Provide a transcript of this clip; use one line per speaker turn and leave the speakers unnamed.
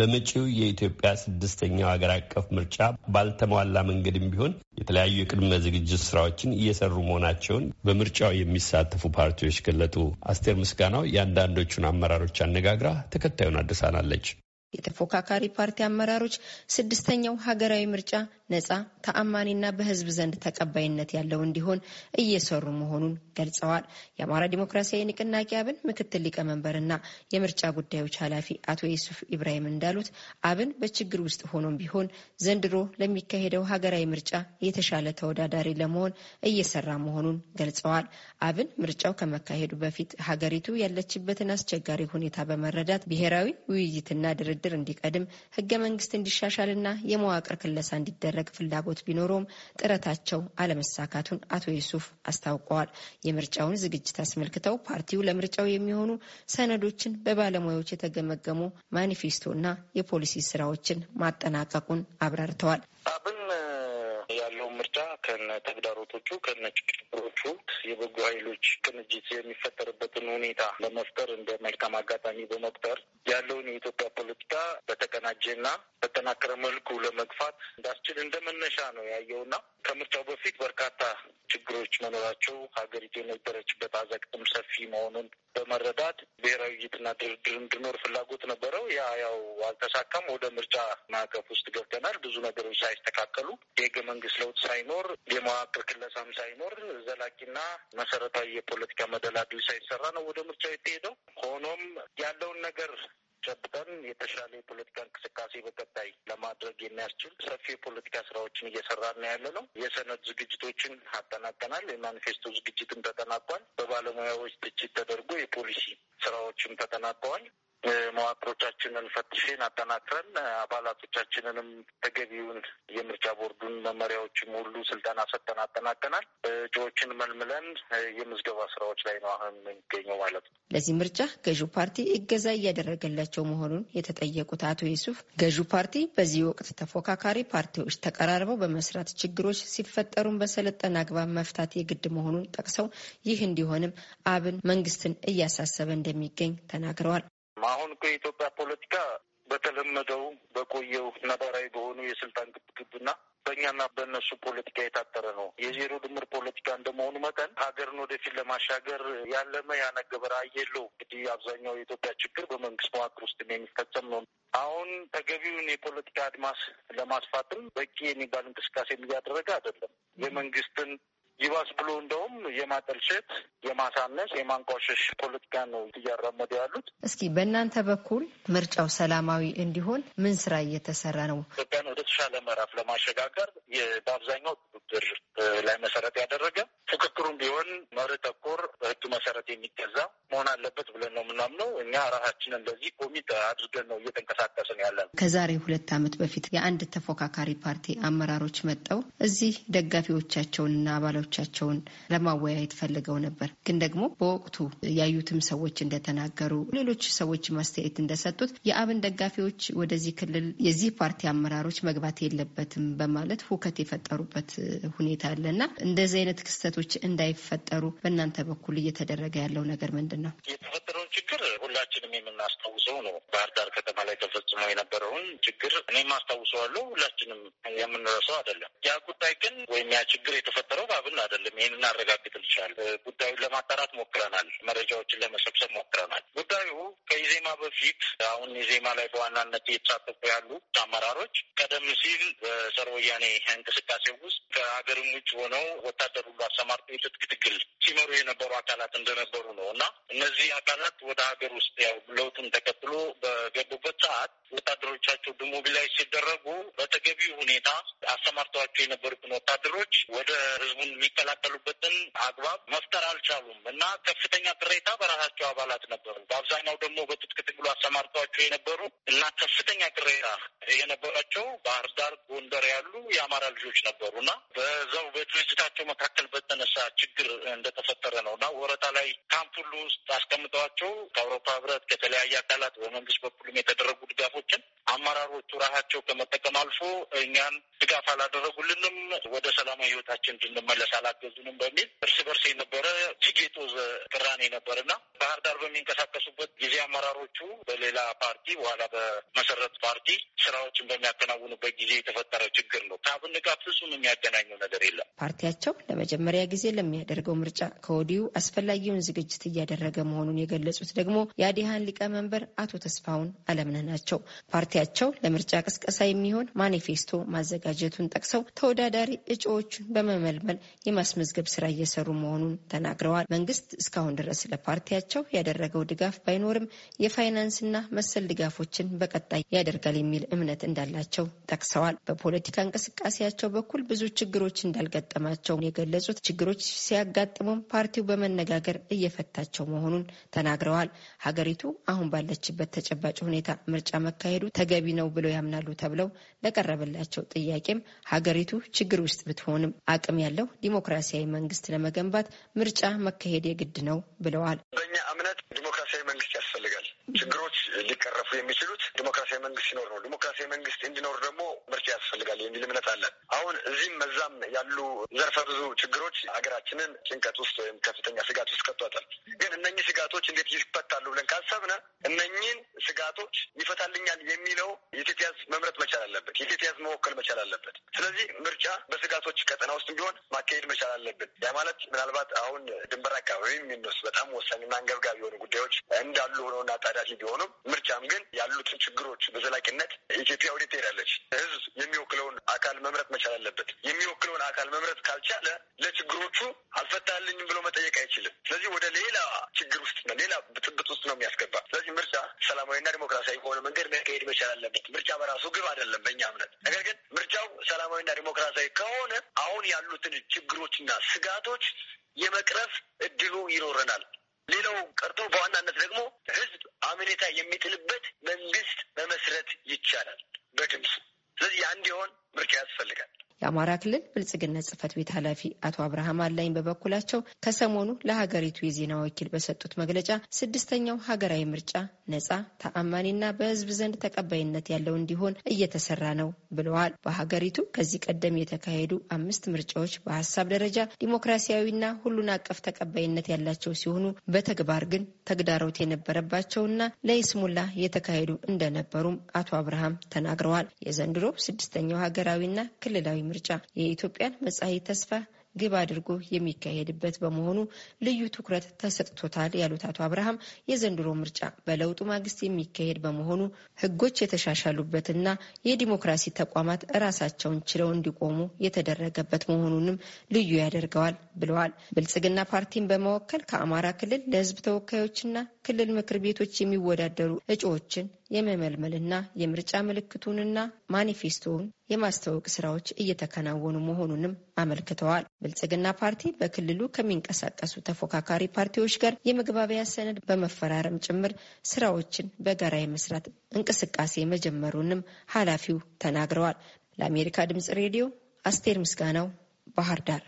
በመጪው የኢትዮጵያ ስድስተኛው ሀገር አቀፍ ምርጫ ባልተሟላ መንገድም ቢሆን የተለያዩ የቅድመ ዝግጅት ስራዎችን እየሰሩ መሆናቸውን በምርጫው የሚሳተፉ ፓርቲዎች ገለጡ። አስቴር ምስጋናው የአንዳንዶቹን አመራሮች አነጋግራ ተከታዩን አድርሳናለች።
የተፎካካሪ ፓርቲ አመራሮች ስድስተኛው ሀገራዊ ምርጫ ነጻ ተአማኒና በህዝብ ዘንድ ተቀባይነት ያለው እንዲሆን እየሰሩ መሆኑን ገልጸዋል። የአማራ ዲሞክራሲያዊ ንቅናቄ አብን ምክትል ሊቀመንበርና የምርጫ ጉዳዮች ኃላፊ አቶ ዩሱፍ ኢብራሂም እንዳሉት አብን በችግር ውስጥ ሆኖም ቢሆን ዘንድሮ ለሚካሄደው ሀገራዊ ምርጫ የተሻለ ተወዳዳሪ ለመሆን እየሰራ መሆኑን ገልጸዋል። አብን ምርጫው ከመካሄዱ በፊት ሀገሪቱ ያለችበትን አስቸጋሪ ሁኔታ በመረዳት ብሔራዊ ውይይትና ድርድር ድርድር እንዲቀድም ህገ መንግስት እንዲሻሻልና የመዋቅር ክለሳ እንዲደረግ ፍላጎት ቢኖረውም ጥረታቸው አለመሳካቱን አቶ ዩሱፍ አስታውቀዋል። የምርጫውን ዝግጅት አስመልክተው ፓርቲው ለምርጫው የሚሆኑ ሰነዶችን በባለሙያዎች የተገመገሙ ማኒፌስቶና የፖሊሲ ስራዎችን ማጠናቀቁን አብራርተዋል።
ያለውን ምርጫ ከነ ተግዳሮቶቹ ከነ ችግሮቹ የበጎ ኃይሎች ቅንጅት የሚፈጠርበትን ሁኔታ ለመፍጠር እንደ መልካም አጋጣሚ በመቁጠር ያለውን የኢትዮጵያ በተቀናጀና በተጠናከረ መልኩ ለመግፋት እንዳስችል እንደ መነሻ ነው ያየውና ከምርጫው በፊት በርካታ ችግሮች መኖራቸው ሀገሪቱ የነበረችበት አዘቅትም ሰፊ መሆኑን በመረዳት ብሔራዊ ውይይትና ድርድር እንዲኖር ፍላጎት ነበረው። ያ ያው አልተሳካም። ወደ ምርጫ ማዕቀፍ ውስጥ ገብተናል። ብዙ ነገሮች ሳይስተካከሉ፣ የህገ መንግስት ለውጥ ሳይኖር፣ የመዋቅር ክለሳም ሳይኖር ዘላቂና መሰረታዊ የፖለቲካ መደላድል ሳይሰራ ነው ወደ ምርጫው የተሄደው። ሆኖም ያለውን ነገር ጨብጠን የተሻለ የፖለቲካ እንቅስቃሴ በቀጣይ ለማድረግ የሚያስችል ሰፊ የፖለቲካ ስራዎችን እየሰራን ያለ ነው። የሰነድ ዝግጅቶችን አጠናቀናል። የማኒፌስቶ ዝግጅትም ተጠናቋል። በባለሙያዎች ትችት ተደርጎ የፖሊሲ ስራዎችም ተጠናቀዋል። መዋቅሮቻችንን ፈትሽን አጠናክረን አባላቶቻችንንም ተገቢውን የምርጫ ቦርዱን መመሪያዎችም ሁሉ ስልጠና ሰጠን አጠናቀናል። እጩዎችን መልምለን የምዝገባ ስራዎች ላይ ነው አሁን የሚገኘው
ማለት ነው። ለዚህ ምርጫ ገዢው ፓርቲ እገዛ እያደረገላቸው መሆኑን የተጠየቁት አቶ ዩሱፍ ገዢው ፓርቲ በዚህ ወቅት ተፎካካሪ ፓርቲዎች ተቀራርበው በመስራት ችግሮች ሲፈጠሩን በሰለጠነ አግባብ መፍታት የግድ መሆኑን ጠቅሰው ይህ እንዲሆንም አብን መንግስትን እያሳሰበ እንደሚገኝ ተናግረዋል። አሁን እኮ የኢትዮጵያ ፖለቲካ በተለመደው
በቆየው ነባራዊ በሆኑ የስልጣን ግብግብና በእኛና በእነሱ ፖለቲካ የታጠረ ነው። የዜሮ ድምር ፖለቲካ እንደመሆኑ መጠን ሀገርን ወደፊት ለማሻገር ያለመ ያነገበረ የለው። እንግዲህ አብዛኛው የኢትዮጵያ ችግር በመንግስት መዋቅር ውስጥ የሚፈጸም ነው። አሁን ተገቢውን የፖለቲካ አድማስ ለማስፋትም በቂ የሚባል እንቅስቃሴ እያደረገ አይደለም። የመንግስትን ይባስ ብሎ እንደውም የማጠልሸት
የማሳነስ የማንቋሸሽ ፖለቲካ ነው እያራመዱ ያሉት። እስኪ በእናንተ በኩል ምርጫው ሰላማዊ እንዲሆን ምን ስራ እየተሰራ ነው? ኢትዮጵያን ወደ ተሻለ ምዕራፍ ለማሸጋገር በአብዛኛው ቁጥጥር
ላይ መሰረት ያደረገ ፉክክሩም ቢሆን መርህ ተኮር በህግ መሰረት የሚገዛ አለበት ብለን ነው የምናምነው። እኛ ራሳችንን በዚህ ኮሚት አድርገን
ነው እየተንቀሳቀስን ያለ ነው። ከዛሬ ሁለት ዓመት በፊት የአንድ ተፎካካሪ ፓርቲ አመራሮች መጠው እዚህ ደጋፊዎቻቸውንና አባሎቻቸውን ለማወያየት ፈልገው ነበር። ግን ደግሞ በወቅቱ ያዩትም ሰዎች እንደተናገሩ፣ ሌሎች ሰዎች ማስተያየት እንደሰጡት የአብን ደጋፊዎች ወደዚህ ክልል የዚህ ፓርቲ አመራሮች መግባት የለበትም በማለት ሁከት የፈጠሩበት ሁኔታ አለና እንደዚህ አይነት ክስተቶች እንዳይፈጠሩ በእናንተ በኩል እየተደረገ ያለው ነገር ምንድን ነው? የተፈጠረውን ችግር
ሁላችንም የምናስታውሰው ነው። ባህር ዳር ከተማ ላይ ተፈጽሞ የነበረውን ችግር እኔም አስታውሰዋለሁ። ሁላችንም የምንረሳው አይደለም። ያ ጉዳይ ግን ወይም ያ ችግር የተፈጠረው በአብን አይደለም። ይህን እናረጋግጥ ልቻል። ጉዳዩን ለማጣራት ሞክረናል። መረጃዎችን ለመሰብሰብ ሞክረናል። ጉዳዩ ከኢዜማ በፊት አሁን ኢዜማ ላይ በዋናነት እየተሳተፉ ያሉ አመራሮች ቀደም ሲል በጸረ ወያኔ እንቅስቃሴ ውስጥ ከሀገርም ውጭ ሆነው ወታደር ሁሉ አሰማርቶ የትጥቅ ትግል ሲመሩ የነበሩ አካላት እንደነበሩ ነው እና እነዚህ አካላት ወደ ሀገር ውስጥ ያው ለውጡን ተከትሎ በገቡበት ሰዓት ወታደሮቻቸው ላይ ሲደረጉ በተገቢው ሁኔታ አሰማርተዋቸው የነበሩትን ወታደሮች ወደ ህዝቡን የሚቀላቀሉበትን አግባብ መፍጠር አልቻሉም እና ከፍተኛ ቅሬታ በራሳቸው አባላት ነበሩ። በአብዛኛው ደግሞ በትጥቅ ትግሉ አሰማርተዋቸው የነበሩ እና ከፍተኛ ቅሬታ የነበራቸው ባህር ዳር፣ ጎንደር ያሉ የአማራ ልጆች ነበሩ እና በዛው በድርጅታቸው መካከል በተነሳ ችግር እንደተፈጠረ ነው እና ወረታ ላይ ካምፕ ሁሉ ውስጥ አስቀምጠዋቸው ከአውሮፓ ህብረት ከተለያየ አካላት በመንግስት በኩልም የተደረጉ ድጋፎች ድጋፎችን አመራሮቹ ራሳቸው ከመጠቀም አልፎ እኛን ድጋፍ አላደረጉልንም፣ ወደ ሰላማዊ ህይወታችን እንድንመለስ አላገዙንም በሚል እርስ በርስ የነበረ ጅጌጦ የጦዘ ቅራኔ ነበርና ባህር ዳር በሚንቀሳቀሱበት ጊዜ አመራሮቹ በሌላ ፓርቲ በኋላ በመሰረት ፓርቲ ስራዎችን በሚያከናውኑበት ጊዜ የተፈጠረ ችግር ነው። ከአብን ጋር ፍጹም የሚያገናኘው
ነገር የለም። ፓርቲያቸው ለመጀመሪያ ጊዜ ለሚያደርገው ምርጫ ከወዲሁ አስፈላጊውን ዝግጅት እያደረገ መሆኑን የገለጹት ደግሞ የአዲሃን ሊቀመንበር አቶ ተስፋውን አለምነህ ናቸው። ፓርቲያቸው ለምርጫ ቅስቀሳ የሚሆን ማኒፌስቶ ማዘጋጀቱን ጠቅሰው ተወዳዳሪ እጩዎቹን በመመልመል የማስመዝገብ ስራ እየሰሩ መሆኑን ተናግረዋል። መንግስት እስካሁን ድረስ ለፓርቲያቸው ያደረገው ድጋፍ ባይኖርም የፋይናንስና መሰል ድጋፎችን በቀጣይ ያደርጋል የሚል እምነት እንዳላቸው ጠቅሰዋል። በፖለቲካ እንቅስቃሴያቸው በኩል ብዙ ችግሮች እንዳልገጠማቸው የገለጹት ችግሮች ሲያጋጥሙም ፓርቲው በመነጋገር እየፈታቸው መሆኑን ተናግረዋል። ሀገሪቱ አሁን ባለችበት ተጨባጭ ሁኔታ ምርጫ ማካሄዱ ተገቢ ነው ብለው ያምናሉ ተብለው ለቀረበላቸው ጥያቄም ሀገሪቱ ችግር ውስጥ ብትሆንም አቅም ያለው ዲሞክራሲያዊ መንግስት ለመገንባት ምርጫ መካሄድ የግድ ነው ብለዋል። በእኛ እምነት ዲሞክራሲያዊ መንግስት ያስፈልጋል። ችግሮች ሊቀረፉ የሚችሉት ዲሞክራሲያዊ
መንግስት ሲኖር ነው። ዲሞክራሲያዊ መንግስት እንዲኖር ደግሞ ምርጫ ያስፈልጋል የሚል እምነት አለን። አሁን እዚህም መዛም ያሉ ዘርፈ ብዙ ችግሮች ሀገራችንን ጭንቀት ውስጥ ወይም ከፍተኛ ስጋት ውስጥ ከቷታል። ግን እነኚህ ስጋቶች እንዴት ይፈታሉ ብለን ካሰብነ እነኚህን ስጋቶች ይፈታልኛል የሚለው የኢትዮጵያ መምረጥ የኢትዮጵያ ሕዝብ መወከል መቻል አለበት። ስለዚህ ምርጫ በስጋቶች ቀጠና ውስጥ ቢሆን ማካሄድ መቻል አለብን። ያ ማለት ምናልባት አሁን ድንበር አካባቢ የሚነሱ በጣም ወሳኝና አንገብጋቢ የሆኑ ጉዳዮች እንዳሉ ሆነውና ጣዳፊ ቢሆኑም ምርጫም ግን ያሉትን ችግሮች በዘላቂነት ኢትዮጵያ ወዴት ትሄዳለች? ህዝብ የሚወክለውን አካል መምረጥ መቻል አለበት። የሚወክለውን አካል መምረጥ ካልቻለ ለችግሮቹ አልፈታልኝም ብሎ መጠየቅ አይችልም። ስለዚህ ወደ ሌላ ችግር ውስጥ ነው፣ ሌላ ብጥብጥ ውስጥ ነው የሚያስገባ። ስለዚህ ምርጫ ሰላማዊና ዲሞክራሲያዊ በሆነ መንገድ መካሄድ መቻል አለበት። ምርጫ በራሱ ግብ አይደለም በእኛ እምነት። ነገር ግን ምርጫው ሰላማዊና ዲሞክራሲያዊ ከሆነ አሁን ያሉትን ችግሮችና ስጋቶች የመቅረፍ እድሉ ይኖረናል። ሌላው ቀርቶ በዋናነት ደግሞ ህዝብ አምኔታ የሚጥልበት መንግስት
መመስረት ይቻላል በድምፅ። ስለዚህ አንድ የሆን ምርጫ ያስፈልጋል። የአማራ ክልል ብልጽግነት ጽህፈት ቤት ኃላፊ አቶ አብርሃም አላኝ በበኩላቸው ከሰሞኑ ለሀገሪቱ የዜና ወኪል በሰጡት መግለጫ ስድስተኛው ሀገራዊ ምርጫ ነጻ፣ ተአማኒና በህዝብ ዘንድ ተቀባይነት ያለው እንዲሆን እየተሰራ ነው ብለዋል። በሀገሪቱ ከዚህ ቀደም የተካሄዱ አምስት ምርጫዎች በሀሳብ ደረጃ ዲሞክራሲያዊና ሁሉን አቀፍ ተቀባይነት ያላቸው ሲሆኑ በተግባር ግን ተግዳሮት የነበረባቸውና ለይስሙላ የተካሄዱ እንደነበሩም አቶ አብርሃም ተናግረዋል። የዘንድሮ ስድስተኛው ሀገራዊና ክልላዊ ምርጫ የኢትዮጵያን መጻኢ ተስፋ ግብ አድርጎ የሚካሄድበት በመሆኑ ልዩ ትኩረት ተሰጥቶታል ያሉት አቶ አብርሃም የዘንድሮ ምርጫ በለውጡ ማግስት የሚካሄድ በመሆኑ ሕጎች የተሻሻሉበትና የዲሞክራሲ ተቋማት ራሳቸውን ችለው እንዲቆሙ የተደረገበት መሆኑንም ልዩ ያደርገዋል ብለዋል። ብልጽግና ፓርቲን በመወከል ከአማራ ክልል ለሕዝብ ተወካዮችና ክልል ምክር ቤቶች የሚወዳደሩ እጩዎችን የመመልመልና የምርጫ ምልክቱንና ማኒፌስቶውን የማስታወቅ ስራዎች እየተከናወኑ መሆኑንም አመልክተዋል። ብልጽግና ፓርቲ በክልሉ ከሚንቀሳቀሱ ተፎካካሪ ፓርቲዎች ጋር የመግባቢያ ሰነድ በመፈራረም ጭምር ስራዎችን በጋራ የመስራት እንቅስቃሴ መጀመሩንም ኃላፊው ተናግረዋል። ለአሜሪካ ድምጽ ሬዲዮ አስቴር ምስጋናው ባህር ዳር